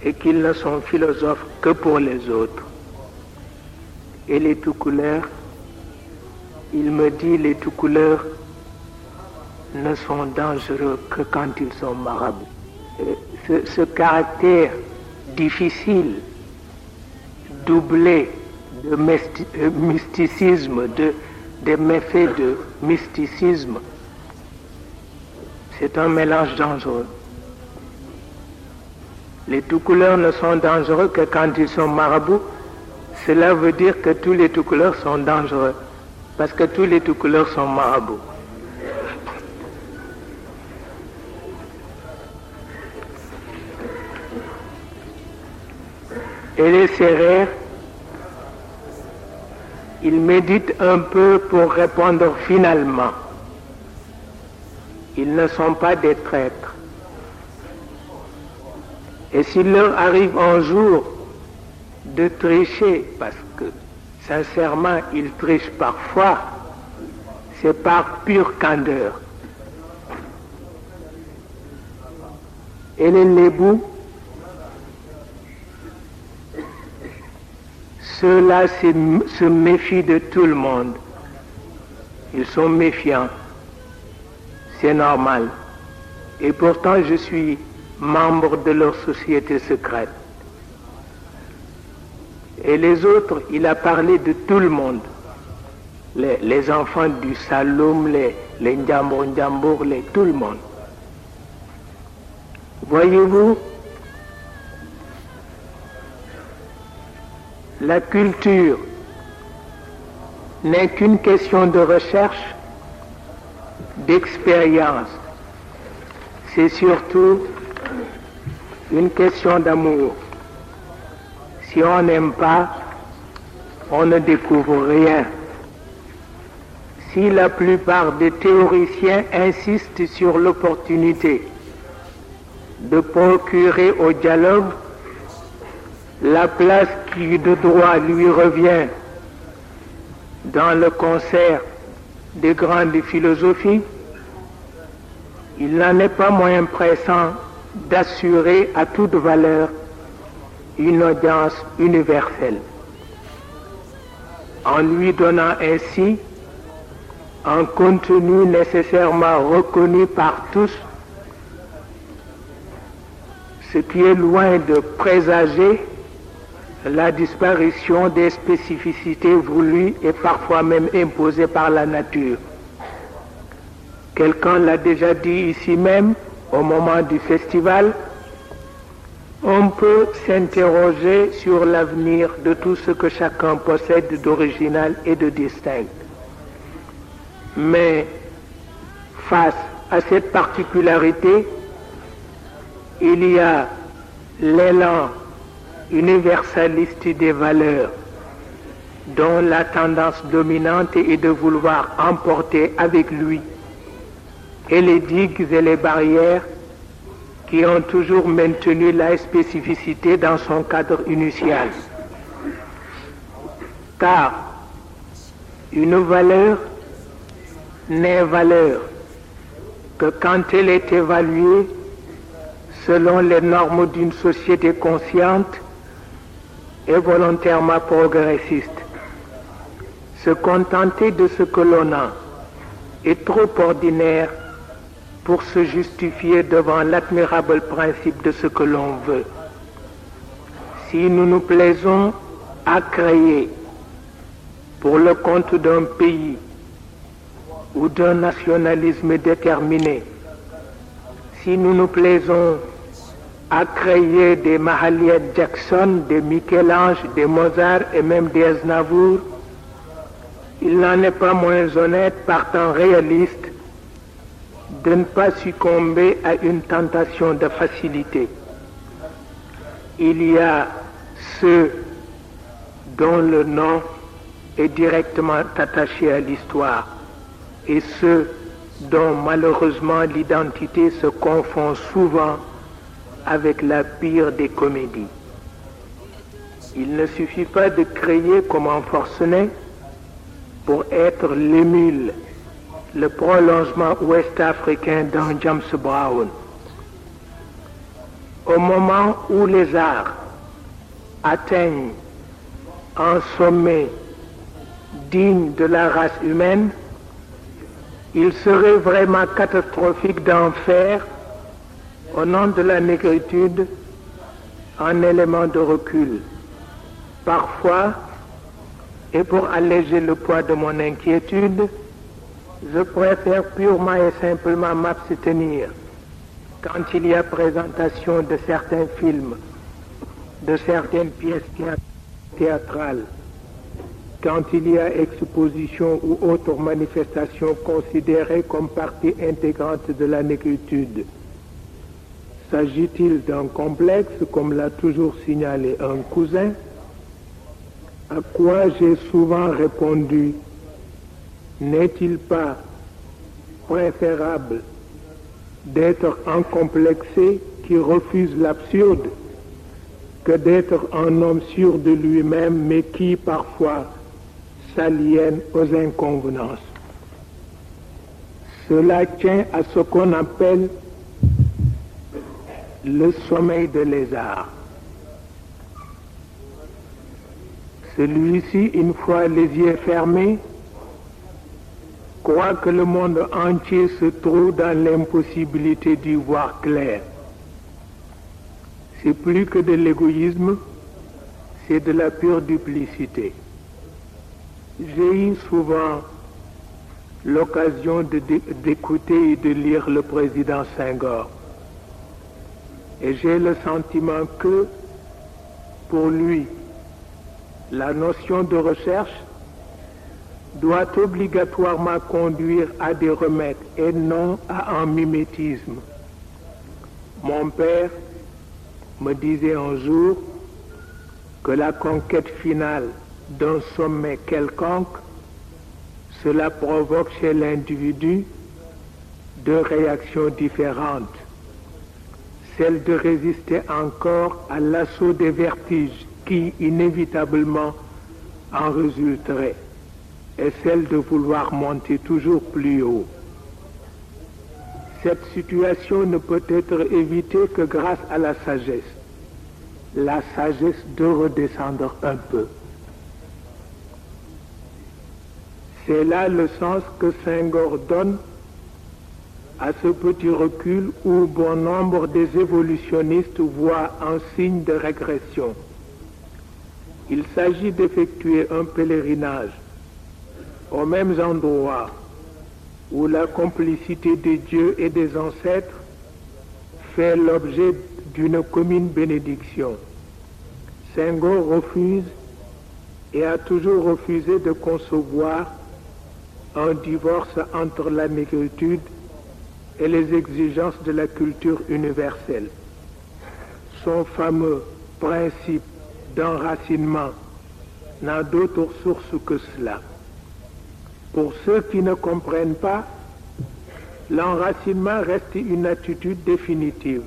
et qu'ils ne sont philosophes que pour les autres. et les tout couleurs, il me dit les tout couleurs ne sont dangereux que quand ils sont marabouts. Euh, ce, caractère difficile, doublé de euh, mysticisme, des méfaits de mysticisme, c'est un mélange dangereux. Les tout couleurs ne sont dangereux que quand ils sont marabouts Cela veut dire que tous les tout-couleurs sont dangereux, parce que tous les tout-couleurs sont marabouts. Et les serrères, ils méditent un peu pour répondre finalement. Ils ne sont pas des traîtres. Et s'il leur arrive un jour de tricher, parce que sincèrement, il triche parfois, c'est par pure candeur. Et les nébous, ceux-là se méfient de tout le monde. Ils sont méfiants. C'est normal. Et pourtant, je suis membre de leur société secrète. Et les autres, il a parlé de tout le monde. Les, les enfants du Saloum, les, les Ndjambour, les, tout le monde. Voyez-vous, la culture n'est qu'une question de recherche, d'expérience. C'est surtout une question d'amour. Si on n'aime pas, on ne découvre rien. la plupart des théoriciens insistent sur l'opportunité de procurer au dialogue la place qui de droit lui revient dans le concert des grandes philosophies, il n'en est pas moins pressant d'assurer à toute valeur une audience universelle en lui donnant ainsi un contenu nécessairement reconnu par tous, ce qui est loin de présager la disparition des spécificités voulues et parfois même imposées par la nature. Quelqu'un l'a déjà dit ici même au moment du festival, on peut s'interroger sur l'avenir de tout ce que chacun possède d'original et de distinct. Mais face à cette particularité, il y a l'élan universaliste des valeurs dont la tendance dominante est de vouloir emporter avec lui et les digues et les barrières qui ont toujours maintenu la spécificité dans son cadre initial. Car une valeur n'est valeur que quand elle est évaluée selon les normes d'une société consciente est volontairement progressiste. Se contenter de ce que l'on a est trop ordinaire pour se justifier devant l'admirable principe de ce que l'on veut. Si nous nous plaisons à créer pour le compte d'un pays ou d'un nationalisme déterminé, si nous nous plaisons à créer des Mahalia Jackson, des Michel-Ange, des Mozart et même des Aznavour, il n'en est pas moins honnête, partant réaliste, de ne pas succomber à une tentation de facilité. Il y a ceux dont le nom est directement attaché à l'histoire et ceux dont malheureusement l'identité se confond souvent avec la pire des comédies. Il ne suffit pas de créer comme un forcené pour être l'émule le prolongement ouest-africain d'un James Brown. Au moment où les arts atteignent un sommet digne de la race humaine, il serait vraiment catastrophique d'en faire, au nom de la négritude, un élément de recul. Parfois, et pour alléger le poids de mon inquiétude, je préfère purement et simplement m'abstenir quand il y a présentation de certains films, de certaines pièces théâtrales, quand il y a exposition ou autre manifestation considérée comme partie intégrante de la négritude. S'agit-il d'un complexe, comme l'a toujours signalé un cousin, à quoi j'ai souvent répondu N'est-il pas préférable d'être incomplexé qui refuse l'absurde que d'être un homme sûr de lui-même mais qui parfois s'aliène aux inconvenances. Cela tient à ce qu'on appelle le sommeil de lézard. Celui-ci, une fois les yeux fermés, croit que le monde entier se trouve dans l'impossibilité du voir clair. C'est plus que de l'égoïsme, c'est de la pure duplicité. J'ai eu souvent l'occasion d'écouter et de lire le président Senghor. Et j'ai le sentiment que, pour lui, la notion de recherche doit obligatoirement conduire à des remèdes et non à un mimétisme. Mon père me disait un jour que la conquête finale d'un sommet quelconque, cela provoque chez l'individu deux réactions différentes. Celle de résister encore à l'assaut des vertiges qui inévitablement en résulterait est celle de vouloir monter toujours plus haut. Cette situation ne peut être évitée que grâce à la sagesse. La sagesse de redescendre un peu. C'est là le sens que Saint-Gor donne à ce petit recul où bon nombre des évolutionnistes voient un signe de régression. Il s'agit d'effectuer un pèlerinage aux mêmes endroits où la complicité des dieux et des ancêtres fait l'objet d'une commune bénédiction. Senghor refuse et a toujours refusé de concevoir un divorce entre la négritude et les exigences de la culture universelle. Son fameux principe d'enracinement n'a d'autre source que cela. Pour ceux qui ne comprennent pas, l'enracinement reste une attitude définitive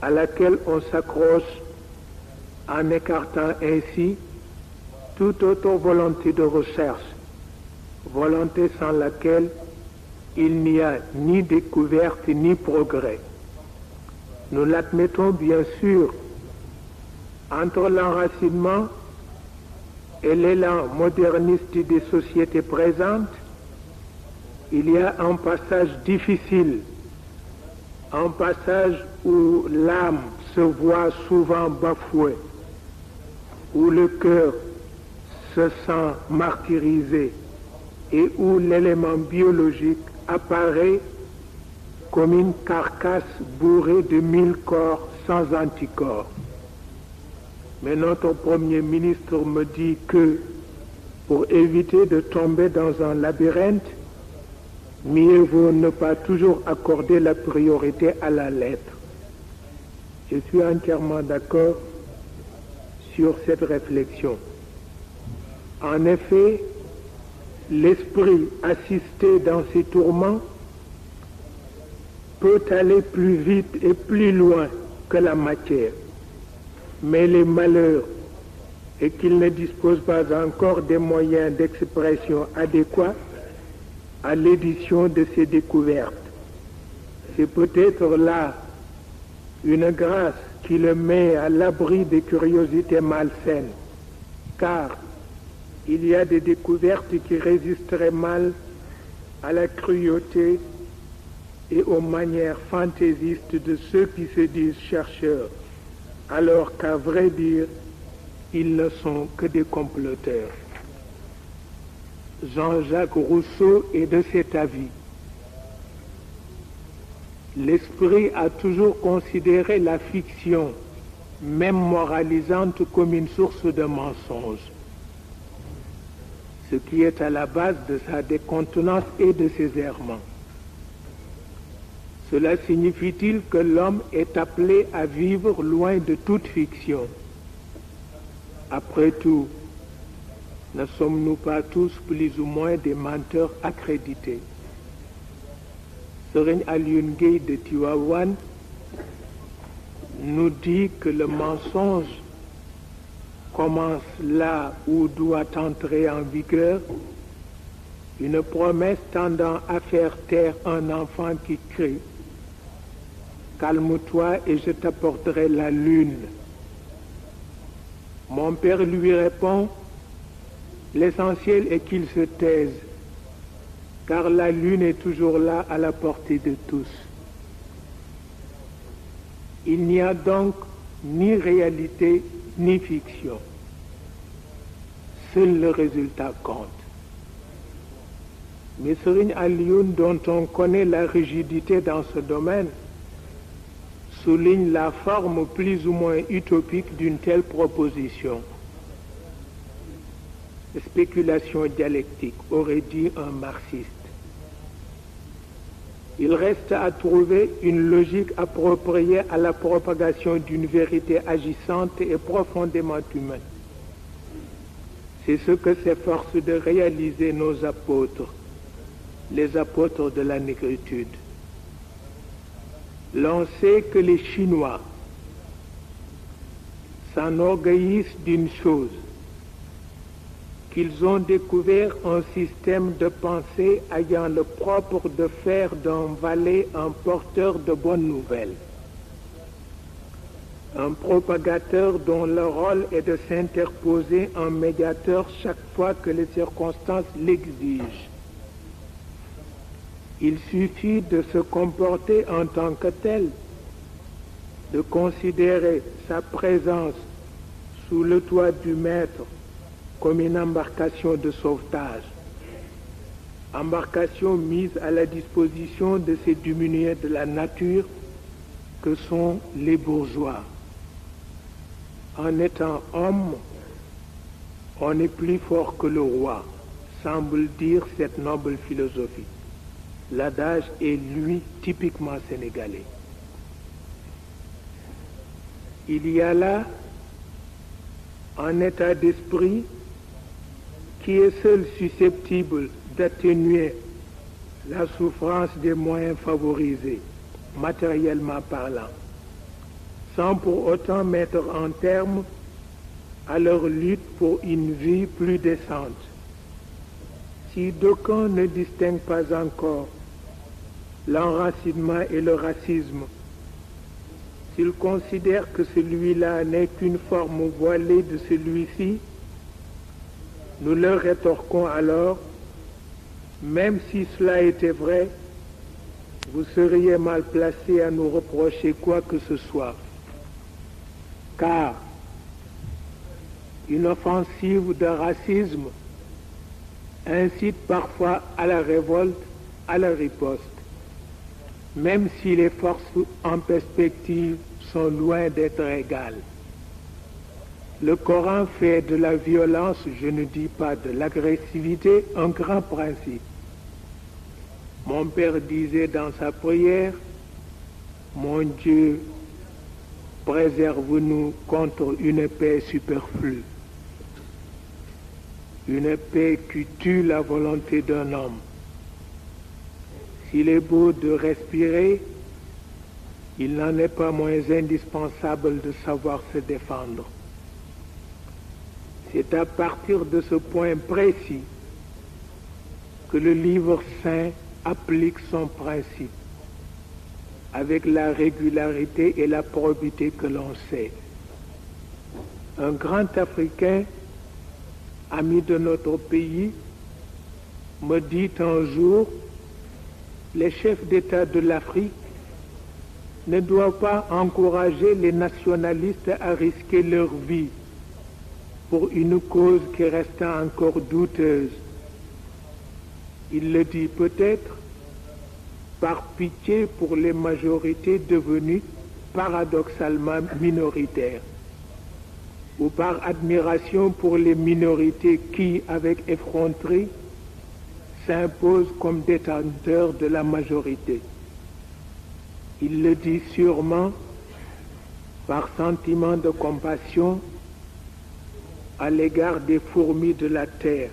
à laquelle on s'accroche en écartant ainsi toute autre volonté de recherche, volonté sans laquelle il n'y a ni découverte ni progrès. Nous l'admettons bien sûr entre et l'élan moderniste des sociétés présentes, il y a un passage difficile, un passage où l'âme se voit souvent bafouée, où le cœur se sent martyrisé et où l'élément biologique apparaît comme une carcasse bourrée de mille corps sans anticorps. Mais notre Premier ministre me dit que pour éviter de tomber dans un labyrinthe, mieux vaut ne pas toujours accorder la priorité à la lettre. Je suis entièrement d'accord sur cette réflexion. En effet, l'esprit assisté dans ses tourments peut aller plus vite et plus loin que la matière. mais les malheurs et qu'ils ne disposent pas encore des moyens d'expression adéquats à l'édition de ces découvertes. C'est peut-être là une grâce qui le met à l'abri des curiosités malsaines, car il y a des découvertes qui résisteraient mal à la cruauté et aux manières fantaisistes de ceux qui se disent chercheurs. alors qu'à vrai dire, ils ne sont que des comploteurs. Jean-Jacques Rousseau est de cet avis. L'esprit a toujours considéré la fiction, même moralisante, comme une source de mensonges, ce qui est à la base de sa décontenance et de ses errements. Cela signifie-t-il que l'homme est appelé à vivre loin de toute fiction Après tout, ne sommes-nous pas tous plus ou moins des menteurs accrédités Serene Alioune Gueye de Tivaouane nous dit que le mensonge commence là où doit entrer en vigueur une promesse tendant à faire taire un enfant qui crie Calme-toi et je t'apporterai la lune. Mon père lui répond, L'essentiel est qu'il se taise, car la lune est toujours là à la portée de tous. Il n'y a donc ni réalité ni fiction. Seul le résultat compte. Mais Serine Alioun, dont on connaît la rigidité dans ce domaine, souligne la forme plus ou moins utopique d'une telle proposition. Spéculation dialectique, aurait dit un marxiste. Il reste à trouver une logique appropriée à la propagation d'une vérité agissante et profondément humaine. C'est ce que s'efforcent de réaliser nos apôtres, les apôtres de la négritude. l'on sait que les Chinois s'enorgueillissent d'une chose, qu'ils ont découvert un système de pensée ayant le propre de faire d'un valet un porteur de bonnes nouvelles, un propagateur dont le rôle est de s'interposer en médiateur chaque fois que les circonstances l'exigent. Il suffit de se comporter en tant que tel, de considérer sa présence sous le toit du maître comme une embarcation de sauvetage, embarcation mise à la disposition de ces diminués de la nature que sont les bourgeois. En étant homme, on est plus fort que le roi, semble dire cette noble philosophie. l'adage est lui typiquement sénégalais. Il y a là un état d'esprit qui est seul susceptible d'atténuer la souffrance des moyens favorisés, matériellement parlant, sans pour autant mettre en terme à leur lutte pour une vie plus décente. Si d'aucuns ne distinguent pas encore l'enracinement et le racisme. S'il considère que celui-là n'est qu'une forme voilée de celui-ci, nous leur rétorquons alors, même si cela était vrai, vous seriez mal placé à nous reprocher quoi que ce soit, car une offensive racisme incite parfois à la révolte, à la riposte. même si les forces en perspective sont loin d'être égales. Le Coran fait de la violence, je ne dis pas de l'agressivité, un grand principe. Mon père disait dans sa prière, Mon Dieu, préserve-nous contre une paix superflue, une paix qui tue la volonté d'un homme S'il est beau de respirer, il n'en est pas moins indispensable de savoir se défendre. C'est à partir de ce point précis que le livre saint applique son principe avec la régularité et la probité que l'on sait. Un grand Africain, ami de notre pays, me dit un jour les chefs d'État de l'Afrique ne doivent pas encourager les nationalistes à risquer leur vie pour une cause qui reste encore douteuse. Il le dit peut-être par pitié pour les majorités devenues paradoxalement minoritaires ou par admiration pour les minorités qui, avec effronterie, s'impose comme détenteur de la majorité. Il le dit sûrement par sentiment de compassion à l'égard des fourmis de la terre